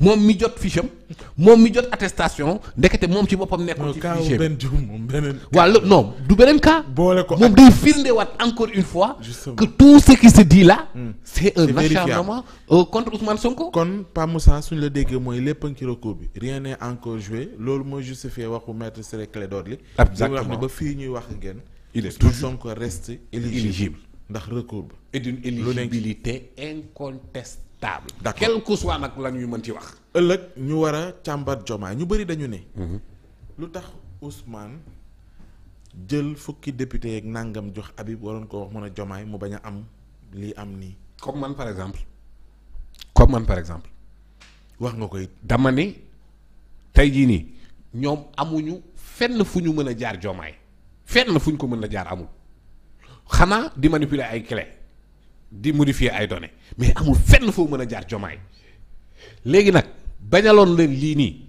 moom mi jot fiche moom mi jot attestation ndekete moom ci boppam nekkul ci fiche am waaw non du beneen cas moom day firndewaat encore une fois que tout ce qui se dit là hmm. c'est un acharnement euh, contre Ousmane Sonko kon Pa Moussa suñu la déggee mooy lépp a ngi ci recours bi rien n'est encore joué loolu mooy justifié waxu maître Ciré Clédor Ly exactement wax ne ba fii ñuy wax ngeen il est toujours Sonko reste éligible ndax recours ba et d'une éligibilité incontestable table. d'accord quel que soit nag la ñuy mën ci wax. ëllëg ñu war a càmbar jomaay ñu bëri dañu ne. Mhm. lu tax Ousmane jël fukki député yeeg nangam jox Habib waroon ko wax mën a jomaay mu bañ a am lii am nii. comme man par exemple. comme man par exemple. wax nga koy it. dama ni tey jii nii ñoom amuñu fenn fu ñu mën a jaar jomaay fenn fu ñu ko mën a jaar amul xanaa di manipuler ay clé. di modifier ay données mais amul fenn foo mën a jaar jomaay léegi nag bañaloon leen lii nii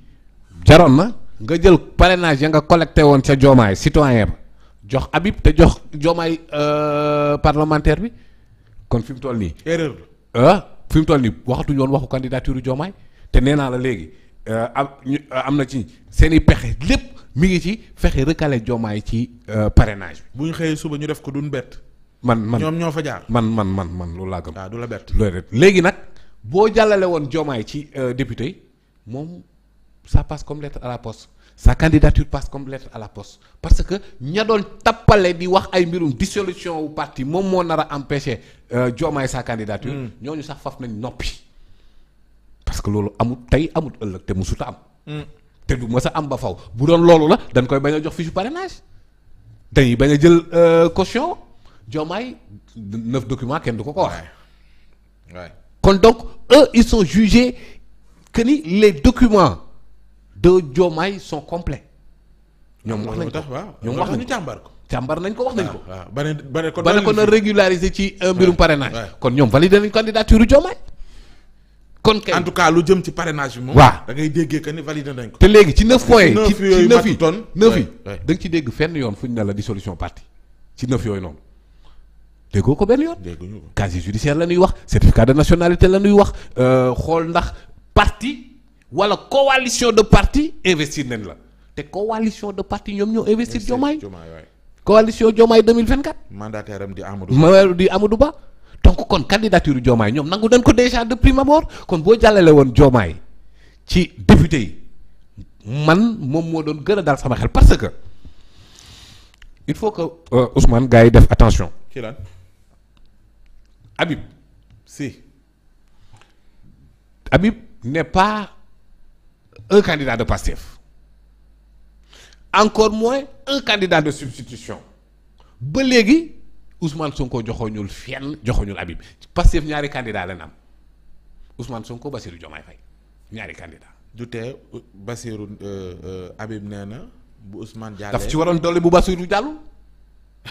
jaroon na nga jël parrainage ya nga collecté woon ca joomaay citoyen ba jox Habib te jox joomaay euh, parlementaire bi kon fi mu toll nii. erreur la ah fi toll nii waxatuñoon woon waxu candidature joomaay te nee naa la léegi euh, am euh, am na ci seen i pexe lépp mi ngi ci fexe recalé joomaay ci parrainage bi. bu ñu xëyee suba ñu def ko duñ bett. man man ñoo fa jaar. man man man man loolu laa gëm. waaw ah, du la bett loolu léegi nag boo jàllale woon Diomaye ci euh, député moom ça passe comme lettre à la poste sa candidature passe comme lettre à la poste parce que ña doon tappale di wax ay mbirum dissolution wu parti moom moo nar a empêcher euh, Diomaye sa candidature. Hmm. ñooñu sax faf nañu noppi. parce que loolu amul tey amul ëllëg te musuta am. Hmm. te du mës a am ba faw bu doon loolu la dañ koy bañ a jox fiche parrainage dañuy bañ a jël euh, caution. jomaay neuf documents kenn du ko ko wax. waay kon donc eux ils sont jugés que ni les documents de Diomaye sont complets. ñoom wax nañ ko ñoom wax nañ càmbar ko. càmbar nañ ko wax nañ ko. waaw ko ba ko na régulariser ci euh, mbirum parrainage. kon ñoom valider nañ candidature Diomaye. kon kay en tout lu jëm ci parrainage bi moom. waaw da ngay déggee que ni valider nañ ko. te léegi ci neuf points yi ci neuf yi neuf ci dégg fenn yoon fu ñu ne la dissolution parti ci neuf yooyu noonu. déggoo ko benn yoon. dégguñu ko casier judiciaire la ñuy wax certificat de nationalité la ñuy wax euh, xool ndax parti wala coalition de parti investir nañ la te coalition de parti ñoom ñoo investir. Diomaye coalition Diomaye 2024. mandataire am di Amadou Ba di Amadou Ba. donc kon candidature Diomaye ñoom nangu dañ ko déjà de prime abord kon boo jàllale woon Diomaye ci député yi man moom moo doon gën a daal sama xel parce que il faut que euh, Ousmane yi def attention. ci Habib si Habib n'est pas un de Pastef encore moins un candidat de substitution ba léegi Ousmane Sonko joxoñul fenn joxoñul Habib Pastef ñaari candidat lañ am Ousmane Sonko Bassirou Diomaye Faye ñaari candidat du tee Bassirou euh, euh, Habib nee na bu Ousmane daf ci waroon dolli bu Bassirou jàll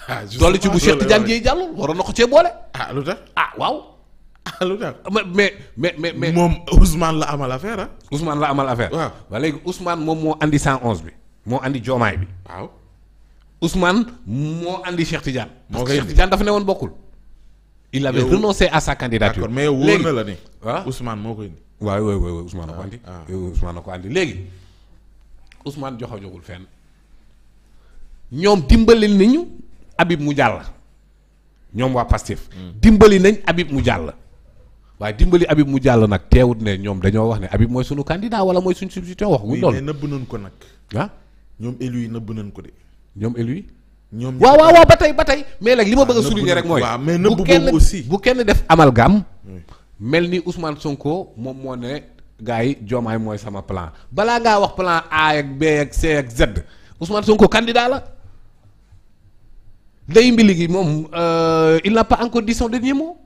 ah, dolli ci bu Cheikh Tidiane Dièye Diallo waroon na ko cee boole ah lu tax ah waaw. ah lu tax mais mais mais mais. moom Ousmane la amal affaire ah. Ousmane la amal affaire. waaw ba léegi Ousmane moom moo andi 111 bi. moo andi Joomaay bi. waaw Ousmane moo andi Cheikh Tidiane. moo koy Cheikh dafa ne woon bokkul. il avait renoncé à sa candidature. d'accord mais yow wóor na la ah, ah. ko andi. waaw Ousmane na ko andi ñoom dimbali nañu Habib mu jàll. ñoom waa Pastef mm. dimbali nañ Habib mu jàll waaye dimbali Habib mu jàll nag teewut ne ñoom dañoo wax ne Habib mooy suñu candidat wala mooy suñ substitut wax guñ loolu mais nëbb nañ ko nag ah? ñoom élu yi nëbb nañ ko de ñoom élu yi ñoom waaw ba tey ba tey mais nag li ma bëgg a ah, souligner rek mooy mais nëbb boobu aussi bu kenn def amalgame mel ni Ousmane Sonko moom moo ne gars yi joomaay mooy sama plan balaa ngaa wax plan A ak B ak C ak Z Ousmane Sonko kandidaa la Ndeye Mbiligi moom euh, il n'a pas encore dit son dernier mot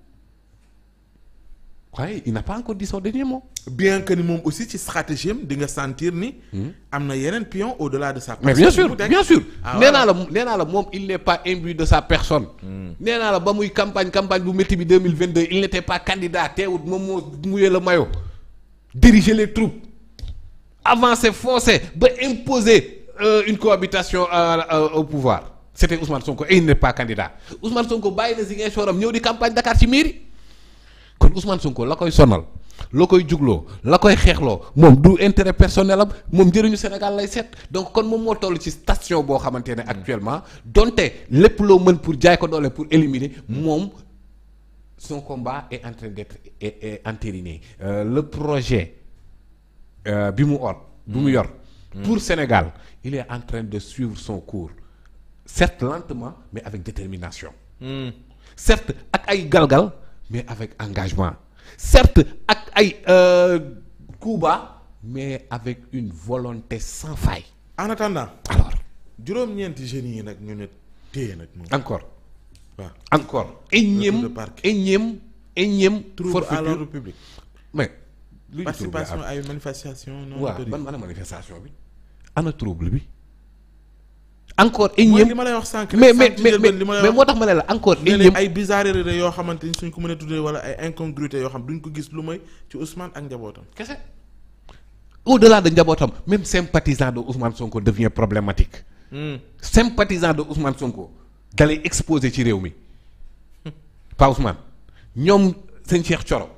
waaye il n'a pas encore dit son dernier bien que ni moom aussi ci stratégie am di nga sentir ni. Hmm. am na yeneen pion au delà de sa. mais bien sûr bien ah, la moom il n'est pas de sa personne. Hmm. la ba muy campagne campagne bu métti bi deux mille vingt deux il n'était pas moom moo muyee la maillot. diriger les troupes avancer foncer ba imposer euh, une cohabitation euh, au pouvoir. c'était Ousmane Sonko et il n'est pas candidat Ousmane Sonko bàyyi na Ziguinchor am ñëw di campagne Dakar ci mairie kon Ousmane Sonko la koy sonal loo koy jugloo la koy xeexloo moom du intérêt personnel am moom njëriñu Sénégal lay seet donc kon moom moo toll ci station boo xamante ne actuellement donte lépp loo mën pour jaay ko doole pour éliminer moom son combat est en train d'être entériné euh, le projet euh, bi mu or bi mu mm. yor mm. pour Sénégal il est en de suivre son cours certes lentement mais avec détermination. Mm. certes ak ay galgal mais avec engagement. certes ak ay coups euh, bas mais avec une volonté sans faille. en attendant alors. juróom-ñeenti jeunes yi nag ñu ne téye nag. encore waaw encore. énième énième énième. trouble à la public. mais. luy participation à une manifestation non autorisée waaw ban ana manifestation bi. ana trouble bi. encore énième li ma lay wax sànq mais mais mais moo tax ma ne la encore énième ay bizarreries la yoo xamante ni suñ ko mën a tuddee wala ay incongruités yoo xam duñ ko gis lu may ci Ousmane ak njabootam kese au-delà de njabootam même sympathisant de Ousmane Sonko devient problématique hmm. sympathisant de Ousmane Sonko dalay exposé ci réew mi hmm. pas Ousmane ñoom sëñ Cheikh Thioro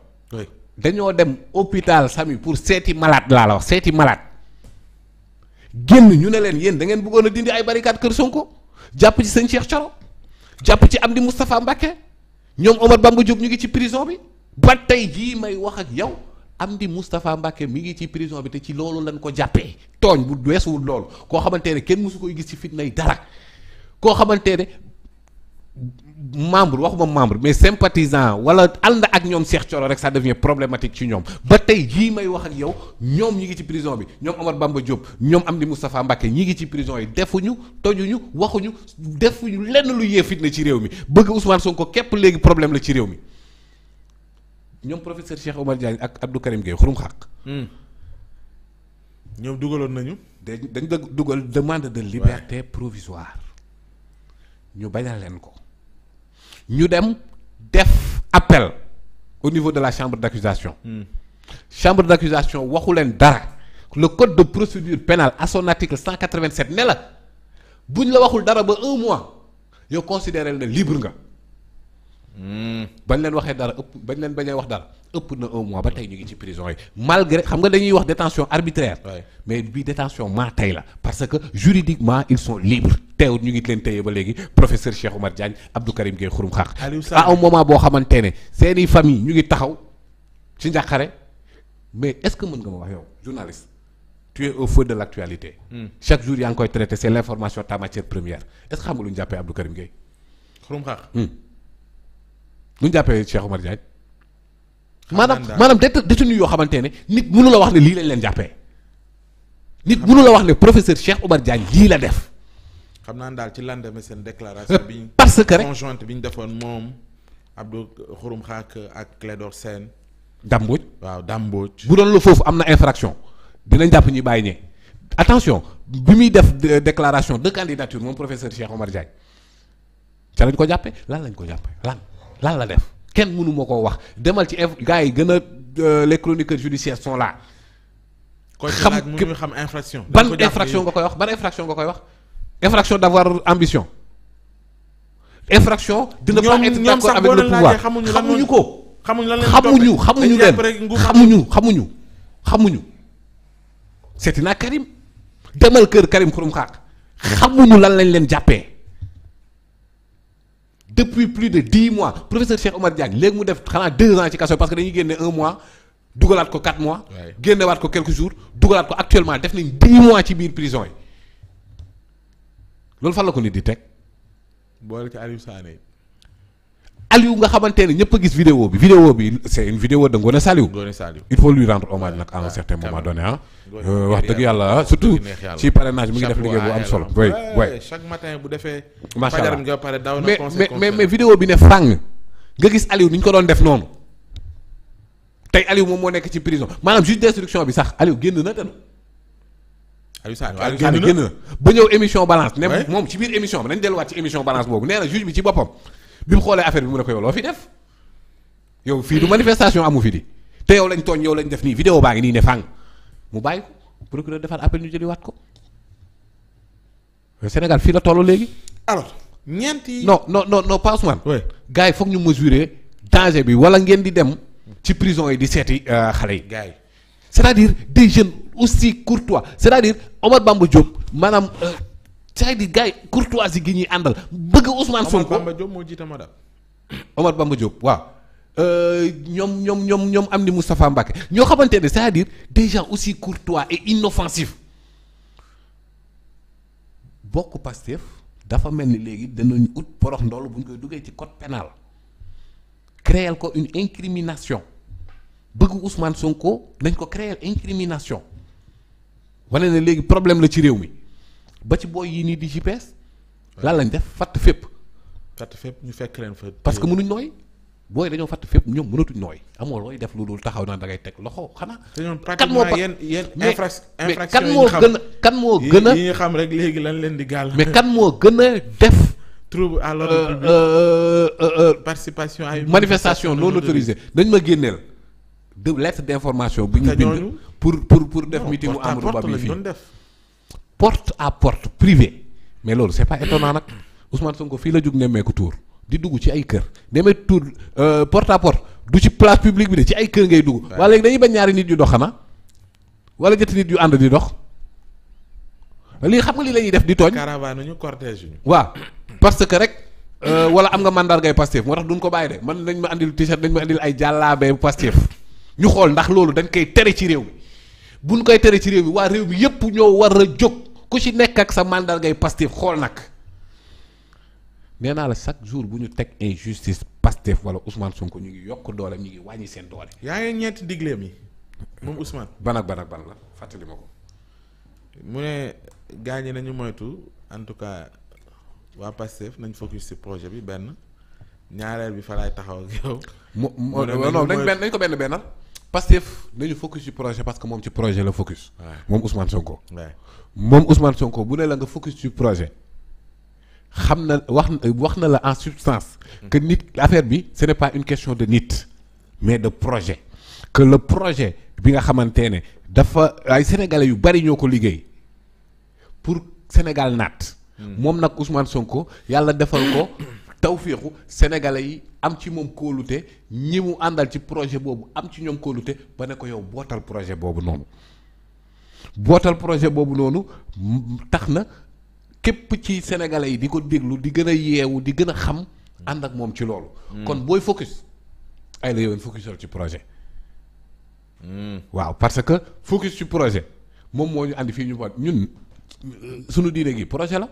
dañoo dem hôpital Samy pour seeti malade laa la wax seeti malade génn ñu ne leen yéen da ngeen bëggoon a dindi ay barricade kër Sonko jàpp ci sëñ Cheikh Thioro jàpp ci am Amdi Moustapha Mbacké ñoom Omar Bamba Diop ñu ngi ci prison bi ba tey jii may wax ak yow Amdi Moustapha Mbacké mi ngi ci prison bi te ci loolu lañ ko jàppee tooñ bu weesuwul loolu koo xamante ne kenn mësu koy gis ci fitnay dara koo xamante ne membre waxuma membre mais sympathisant wala ànd ak ñoom seex Thioro rek ça devient problématique ci ñoom ba tey jii may wax ak yow ñoom ñi ngi ci prison bi ñoom Omar Bamba job ñoom am Amdi Moustapha Mbacké ñi ngi ci prison yi defuñu tojuñu waxuñu defuñu lenn lu yee fitna ci réew mi bëgg Ousmane ko képp léegi problème la ci réew mi ñoom professeur Cheikh Omar Diagne ak Abdou Karim Gueye xurum xaq. Hmm. ñoom dugaloon nañu. dañ dañ dugal demande de liberté provisoire ñu bañal leen ko. ñu dem def appel au niveau de la chambre d'accusation mm. chambre d'accusation waxu leen dara le code de procédure pénale à son article 187 ne la buñ la waxul dara ba un mois yow considéré na libre nga hmm. bañ leen waxee dara ëpp bañ leen bañee wax dara ëpp na un mois ba tey ñu ngi ci prison yi malgré xam nga dañuy wax détention arbitraire mais bii détention maa tey la parce que juridiquement ils sont libres teewut ñu ngi leen téye ba léegi professeur Cheikh Oumar Diagne Abdou Karim Gueye xurum xaax à un boo xamante ne seeni famille ñu ngi taxaw ci njàqare mais est-ce que mën nga ma wax yow journaliste tu es au feu de l'actualité hmm. chaque jour yaa ngi koy traité c'est l'information ta matière première est que xam nga lu ñu jàppee Abdou Karim Gueye xurum xaax hmm. lu ñu jàppee Cheikh Oumar Diagne maanaam maanaam détenu yoo xamante ne nit mënu la wax ne lii lañ leen jàppee nit mënu la wax ne professeur Cheikh Oumar Diagne lii la def xam naa daal ci lendemain seen déclaration. Euh, bi parce que rek conjointe bi ñu defoon moom Abdou Xurum Xaak ak Clédor Sène. Damboj waaw Damboj. bu doon la foofu am na infraction dinañ jàpp ñuy bàyyi ñee attention bi muy def euh, déclaration de candidature moom professeur Cheikh Omar Diagne ca lañ ko jàppee lan lañ ko jàppee lan lan la def kenn mënu ma koo wax demal ci inf gars yi gën a euh, les chroniqueurs judiciaires sont là. xam xam infraction. ban infraction nga koy wax ban infraction nga koy wax. infraction d'avoir ambition infraction de ne pas être d'accord avec le pouvoir xamuñu ko xamuñu lan xamuñu xamuñu leen xamuñu xamuñu xamuñu seeti naa Karim demal kër Karim xurum xaaq xamuñu lan lañ leen jàppee depuis plus de dix mois professeur Cheikh Omar Diagne léegi mu def xanaa deux ans ci kaso parce que dañuy génne un mois dugalaat ko quatre mois génnewaat ko quelques jours dugalaat ko actuellement def nañ dix mois ci biir prison yi loolu fan la ko nit di teg. boole ci Aliou nga xamante ne ñëpp a gis vidéo bi vidéo bi c'est une vidéo de Ngone il faut lui rendre hommage nag à certain moment donné ah yàlla surtout ci parrainage mu ngi def liggéey bu am solo oui oui bu defee macha allah nga pare mais mais mais vidéo bi ne fàng nga gis Aliou ni ñu ko doon def noonu tey Aliou moom moo nekk ci prison maanaam juge d'instruction bi sax Aliou génn na ten Aliou Sarr waaw génn na ba ñëw émission balance. ne moom ci biir émission bi nañ delluwaat ci émission balance boobu nee na juge bi ci boppam bi mu xoolee affaire bi mu ne ko yow loo fi def yow fii du manifestation amu fi di te yow lañ tooñ yow lañ def nii vidéo baa ngi nii ne fang mu bàyyi ko procureur defaat appel ñu jëliwaat ko Sénégal fii la toll léegi. alors ñeenti. no non non non pas Ousmane. yi foog ñu mesurer danger bi wala ngeen di dem ci prison yi di seeti euh, xale yi. gars yi c'est-à-dire jeunes aussi courtois c'est-à-dire Omar Bamba Diop maanaam euh, c'est-à-dire gars yi gi ñuy àndal bëgg Ousmane Sonko Omar Bamba Diop moo jiite madame. Omar Bamba Diop waaw euh, ñoom ñoom ñoom ñoom am ni Moustapha Mbacké ñoo xamante ne c'est-à-dire des gens aussi courtois et inoffensifs bokk Pastef dafa mel ni léegi danañ ut porox ndool bu ñu koy duggee ci cote pénal créer ko une incrimination. bëgg Ousmane Sonko dañ ko créer incrimination wane ne léegi problème la ci réew mi ba ci booy yi nii di GPS. lan lañ def fatt fépp. fatt fépp ñu fekk leen fa. parce que mënuñ nooy booy dañoo fatt fépp ñoom mënatuñ nooy amoo looy def lu dul taxaw naa da teg loxo xanaa. kan moo pa yéen yéen infraction kan moo gën a kan moo gën a xam rek léegi lan leen di gàll. mais kan moo gën a def. trouble à l'ordre euh, public euh, euh, participation manifestation non autorisée dañ ma génneel. de lettre d'information bu ñu bind pour pour pour def meeting Amadou Ba bi fii porte à porte privé mais loolu c'est pas étonnant nag Ousmane ko fii la jug nemmeeku tour di dugg ci ay kër nemmeeku tour euh, porte à porte du ci place publique bi de ci ay kër ngay dugg waaye léegi dañuy bañ ñaari nit yu dox xanaa wala ñetti nit yu ànd di dox lii xam nga lii lañuy def di tooñ caravane ñu cortège ñu waaw parce que rek euh, wala am nga mandargay Pastef moo tax duñ ko bàyyi de man nañ ma t-shirt nañ ma andil ay jàllaabe ñu xool ndax loolu dañ koy tere ci réew mi buñ koy tere ci réew mi waa réew bi yépp ñoo war a jóg ku ci nekk ak sa màndargay Pastef xool nag nee naa la chaque jour bu ñu teg injustice Pastef wala Ousmane Sonko ñu ngi yokk doole ñu ngi wàññi seen doole. yaa ngi ñeenti digleem yi moom Ousmane. ban ak ban ak ban la fàttali ma ko. mu ne gaañe nañu moytu en tout cas waa Pastef nañ focus ci projet bi benn ñaareel bi fa laay taxaw ak yow. mu mu non nañ benn nañ ko benn bennal. Pastef nañu focus ci projet parce que moom ci projet la focus. moom Ousmane Sonko. moom Ousmane Sonko bu ne la nga focus ci projet xam na wax wax na la en substance. Mm. que nit affaire bi ce n'est pas une question de nit mais de projet. que le projet bi nga xamante ne dafa ay sénégalais yu bari ñoo ko liggéey pour Sénégal naat. Mm. moom nag Ousmane Sonko yàlla defal ko. tawféexu sénégalais yi am ci moom kóolute ñi mu àndal ci projet boobu am ci ñoom kóolute ba ne ko yow bootal projet boobu noonu bootal projet boobu noonu tax na képp ci sénégalais yi di ko déglu di gën a yeewu di gën a xam ànd ak moom ci loolu. Hmm. kon booy focus ay la yow focusal ci projet. Hmm. waaw parce que focus ci projet moom moo ñu àndi fii ñu ba ñun euh, sunu diine gi projet la.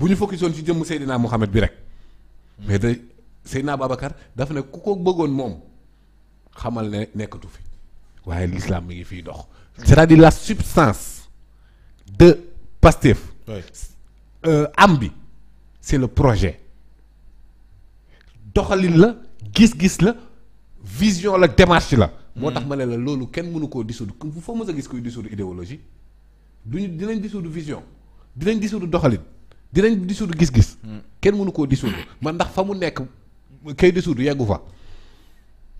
bu ñu focalisoon ci jëmm Seydina Mohamed bi rek mais day Seydina Babacar dafa ne ku ko bëggoon moom xamal ne nekkatu fi waaye l'islam mi ngi fiy dox. c'est-à-dire la substance de Pastef. Euh, am bi c'est le projet doxalin la gis-gis la vision la démarche la. moo tax ma ne la loolu kenn mënu koo dissoudre foo mës a gis kuy dissoudre du ñu dinañ dissoudre vision dinañ dissoudre doxalin. dinañ dissoudre gis-gis. Hmm. kenn mënu koo dissoudre man ndax fa mu nekk kay dissoudre yeggu fa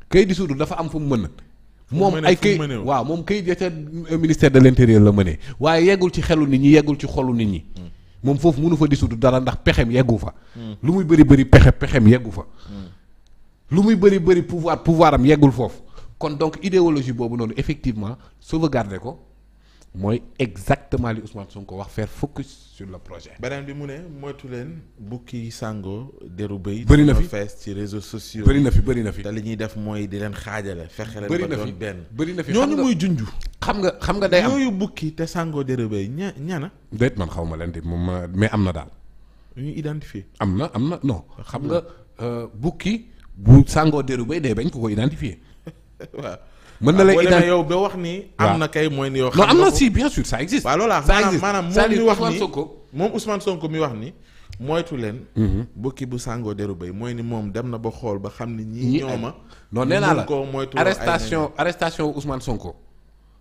kay dissoudre dafa am fu mu mën. moom ay kay waaw moom kay ja ca euh, ministère de l'intérieur la mënee waaye yeggul ci xelu nit ñi yeggul ci xolu nit ñi. Hmm. moom foofu mënu fa dissoudre dara ndax pexem yeggu fa. Hmm. lu muy bëri bëri pexe pexem yeggu fa. lu muy bëri bëri pouvoir pouvoir am yeggul foofu kon donc idéologie boobu noonu effectivement sauvegarder ko. mooy exactement li Ousmane Sonko wax faire focus sur le projet. beneen bi mu ne moytu leen bukki sàngoo deru bëy. bëri na fi fees ci réseaux sociaux. bëri na fi bëri na fi te li ñuy def mooy di leen xaajale. fexe leen ba benn bëri na fi ñooñu muy junj. xam nga xam nga day am yooyu bukki te sàngoo deru bëy ña ñana. déet man xaw ma leen di moom mais am na daal. ñu identifié. am na am na non. xam nga euh, bukki bu sàngoo deru bëy day bañ ko ko identifié waaw. mën na la itam yow ba wax ni. am na kay mooy ni yoo xam am na si bien sûr ça existe. ça existe maanaam moom mi wax ni moom Ousmane Sonko mi wax ni. moytu leen. Mhm. bukki bu sàngoo deru bay mooy ni moom dem na ba xool ba xam ne ñii ñoo ma. non nee naa la arrestation arrestation Ousmane Sonko.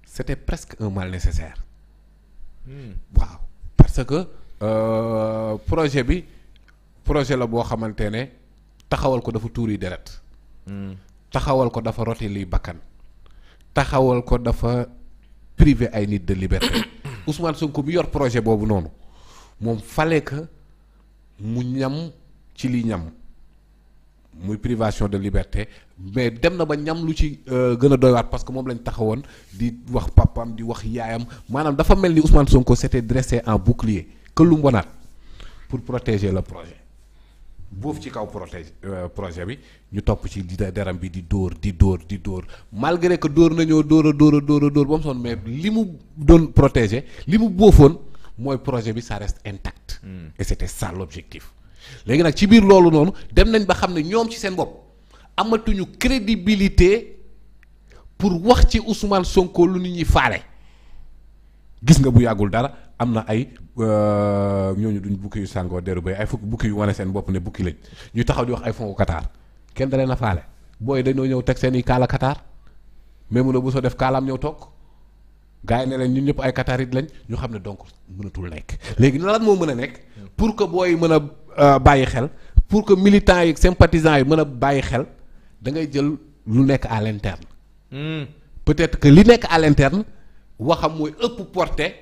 c'était presque un mal nécessaire. Hmm. waaw parce que euh, projet bi projet la boo xamante ne taxawal ko dafa tuuri deret. Hmm. taxawal ko dafa roti liy bakkan. taxawal ko dafa privé ay nit de liberté Ousmane Sonko bi yor projet boobu noonu moom fallait que mu ñam ci li ñam muy privation de liberté mais dem na ba ñam lu ci euh, gën a doy parce que moom lañ taxawoon di wax papam di wax yaayam maanaam dafa mel ni Ousmane Sonko s'était dressé un bouclier que lu mbonaat pour protéger le projet buuf ci kaw protège euh, projet bi ñu topp ci daram bi di dóor di dóor di dóor malgré que dóor nañoo dóor a dóor a dóor a dóor ba mu sonn li mu doon protéger li mu boofoon mooy projet bi ça reste intact. Hmm. et c'était ça l'objectif. léegi nag ci biir loolu noonu dem nañ ba xam ne ñoom ci seen bopp amatuñu crédibilité pour wax ci Ousmane Sonko lu nit ñi faale gis nga bu yàggul dara. am na ay euh, ñooñu duñ bukki yu sàngoo deru bay ay fukki bukki yu wane seen bopp ne bukki lañ ñu taxaw di wax ay fonds Qatar kenn dalee na faale booy dañoo ñëw teg seen i kaala Qatar mais mun a bu soo def kaalaam ñëw toog gars yi ne leen ñëpp ay Qatar lañ ñu xam ne donc mënatul nekk léegi lan moo mën a nekk pour que booy mën a euh, bàyyi xel pour que militants yi sympathisants yi mën a bàyyi xel da ngay jël lu nekk à l'interne hmm. peut-être que li nekk à l'interne waxam mooy ëpp portée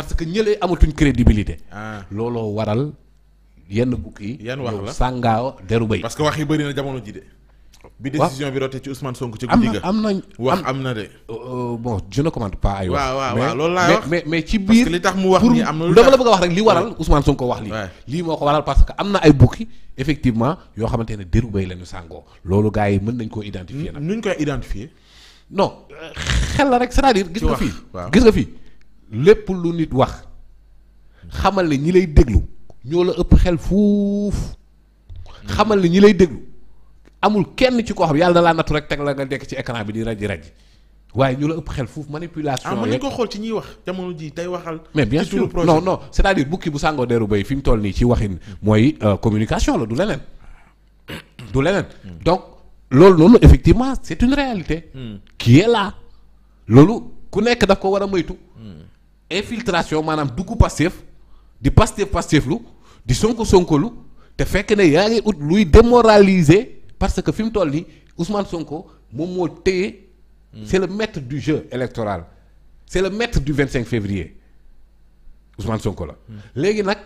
parce que ñëlee amatuñ crédibilité. Ah. looloo waral yenn bukk yi. yan wax la sàngaaw deru bay. parce que wax yi bëri na jamono ji de. bi décision bi rotee ci Ousmane Sonko ci guddi ga. am na am na wax am na de. Euh, euh, bon je ne commande pas ay wax. waaw loolu laay mais mais ci biir. parce tax mu wax nii am na lu wax rek li waral Ousmane Sonko wax lii. lii moo ko parce que am na ay bukki effectivement yoo xamante ne deru bay la ñu sàngoo. loolu gars yi mën nañ koo identifier nag. nuñ koy identifier. non xel la rek c'est-à-dire gis nga fii gis nga fii lépp lu nit wax xamal ne ñi lay déglu ñoo la ëpp xel fuuf xamal ne ñi lay déglu amul kenn ci koo xam yàlla da laa nattu rek teg la nga dekk ci écran bi di raji raji waaye ñoo la ëpp xel fuuf manipulation. ah mën nañu ko xool ci ñiy wax jamono ji tey waxal. mais bien su non non cest à bu sàngoo deeru bay fi mu toll nii ci waxin mooy euh, communication la du leneen du hmm. donc loolu noonu effectivement c'est une réalité. kii hmm. est là loolu ku nekk daf ko war a moytu. Hmm. infiltration maanaam dugg Pastef di Pastef Pasteflu di Sonko sonko lu te fekk ne yaa ngi ut luy démoraliser parce que fi mu toll nii Ousmane Sonko moom moo téye. c'est le maître du jeu électoral c'est le maître du 25 février Ousmane Sonko la. léegi nag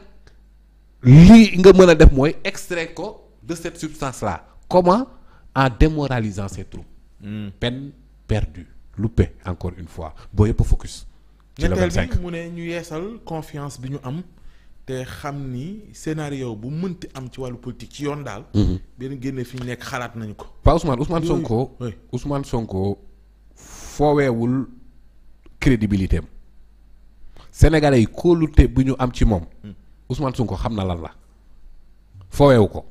lii nga mën a def mooy extrait ko de cette substance là comment en démoralisant ses troupes. Hmm. peine perdue loupé encore une fois boo yëpp focus. ci le 25 mu ne ñu yeesal confiance bi ñu am te xam ni scénario bu mënti am ci wàllu politique ci yoon daal. benn mhm. génne fi ñu nekk xalaat nañu ko. Pa Ousmane Ousmane Sonko Ousmane Sonko fooweewul crédibilité am sénégalais yi bu ñu am ci moom hmm. Ousmane Sonko xam na lan la fooweewu ko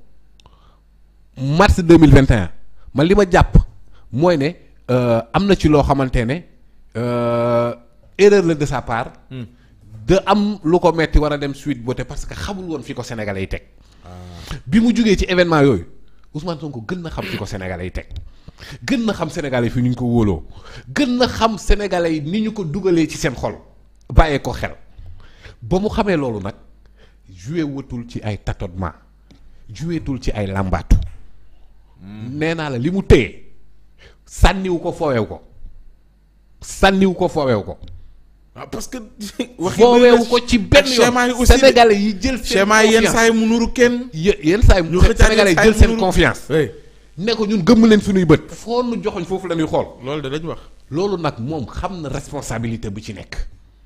mars deux mille vingt et man li ma jàpp mooy ne euh, am na ci loo xamante ne. Euh, erreur la de sa part. Hmm. de am lu ko metti war a dem suite boote parce que xamul woon fi ko sénégalais yi teg. Ah. bi mu jugee ci événement yooyu Ousmane ko gën a xam fi ko sénégalais yi teg. gën na xam sénégalais yi fi ñu ko wóoloo gën na xam sénégalais yi ni ñu ko dugalee ci seen xol bàyyee ko xel ba mu xamee loolu nag joué watul ci ay tâtonnement joué ci ay làmbaatu. Hmm. nee naa la li mu téye sànniwu ko fooweew ko sànniwu ko fooweew ko. waaw ah, parce que. wax fooweewu ko ci benn yoon sénégalais yi jël seen. confiance yenn mu nuru kenn. yenn saa yi mu sénégalais jël seen confiance. ne ko ñun gëmm leen suñuy bët. foo nu joxoñ foofu la ñuy xool. loolu danañ wax. loolu nag moom xam na responsabilité bu ci nekk.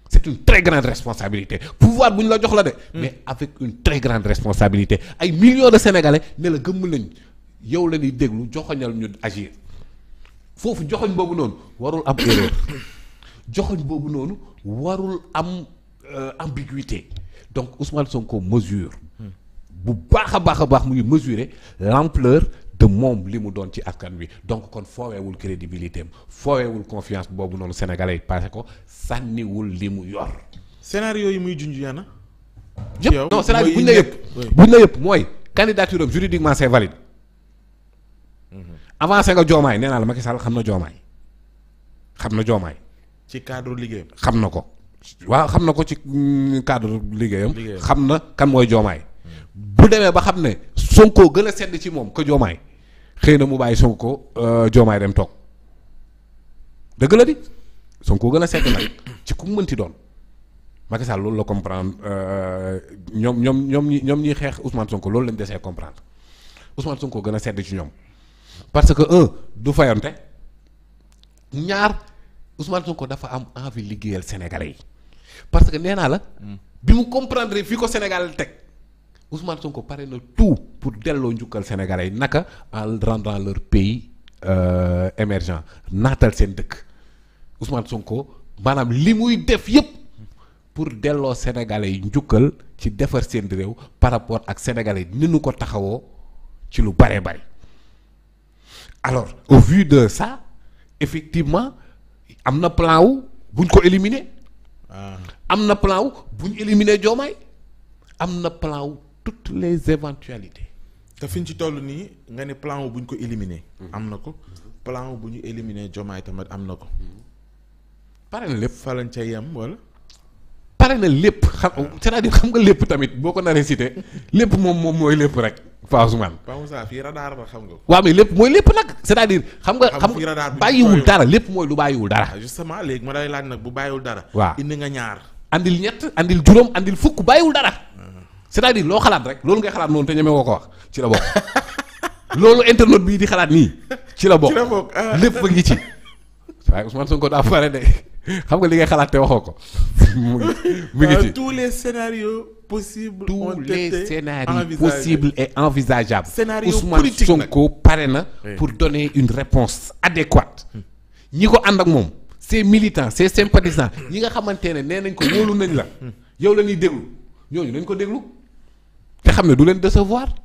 c'est une très grande responsabilité pouvoir bu ñu la jox la de. Hmm. mais avec une très grande responsabilité ay millions de sénégalais ne la gëmm lañ yow la ñuy déglu joxoñal ñu agir foofu joxoñ boobu noonu warul am erreur. joxoñ boobu noonu warul am euh, ambiguïté donc Ousmane Sonko mesure bu baax a baax a baax muy ngi mesurer te moom li mu doon ci askan wi donc kon fooweewul crédibilité am fooweewul confiance boobu noonu sénégalais yi passé ko sànniwul li mu yor. scénario yi muy junj yaana. yëpp non scénario buñ la yëpp. buñ la yëpp mooy candidature am juridiquement c'est valide. Mhm. avancé nga joomaay nee naa la Macky Sall xam na joomaay xam na joomaay. ci cadre liggéeyam xam na ko. waaw xam na ko ci mm, cadre liggéeyam. xam na kan mooy joomaay. bu demee ba xam ne sonkoo gën a sedd ci moom que joomaay xëy na mu bàyyi Sonko joomaay euh, dem toog dëgg la di Sonko gën a sedd nag ci ku mu mënti doon. Macky Sall loolu la comprendre euh, ñoom ñoom ñoom ñi ñoom ñuy xeex Ousmane Sonko loolu lañ desee comprendre Ousmane Sonko gën a sedd ci ñoom parce que un du fayante ñaar. Ousmane Sonko dafa am envie liggéeyal sénégalais yi parce que nee naa la. bi mu comprendre fii ko Sénégal teg Ousmane Sonko pare na tout pour delloo njukkal sénégalais yi naka en rendant leur pays euh, émergent naatal seen dëkk Ousmane Sonko maanaam li muy def yépp pour delloo sénégalais yi njukkal ci defar seen réew par rapport ak sénégalais yi ni ñu ko taxawoo ci lu bare bare alors au vu de ça effectivement. am na plan wu buñ ko éliminer ah. am na plan wu buñ éliminer Diomaye am na plan wu toutes les éventualités te fi ñu ci toll nii nga ne plan wu buñ ko éliminer mhm. am na ko plan bu ñu éliminer Diomaye tamit am na ko mhm. pare na lépp fa lañ ca yem wala pare na lépp xam cest nga lépp tamit boo ko naree cité lépp moom moom mooy lépp rek Paa Ousmane. Paa Ousmane fii radar la xam nga. waaw mais lépp mooy lépp nag c'est-à-dire. xam nga xam nga bàyyiwul dara lépp mooy lu bàyyiwul dara. Ah, justement léegi ma lay laaj nag bu bàyyiwul dara. waaw indi nga ñaar. andil ñett andil juróom andil fukk bàyyiwul dara. cest loo xalaat rek loolu ngay xalaat noonu te ñeme woo ko wax ci la bokk loolu internet bii di xalaat nii ci la bokk lépp ngi ci waaye Ousmane Sonko daa pare de xam nga li ngay xalaat te waxoo ko. mi ngi ci euh, tous les scénarios possibles tous ont les été scénarios possibles et envisageables. scénario politique Ousmane Sonko pare na. pour donner une réponse adéquate. Hmm. ñi ko ànd ak moom ces militants ces sympathisants ñi nga xamante ne nee nañ ko wóolu nañ la. Hmm. yow la ñuy déglu ñooñu nañ ko déglu te xam ne du leen décevoir.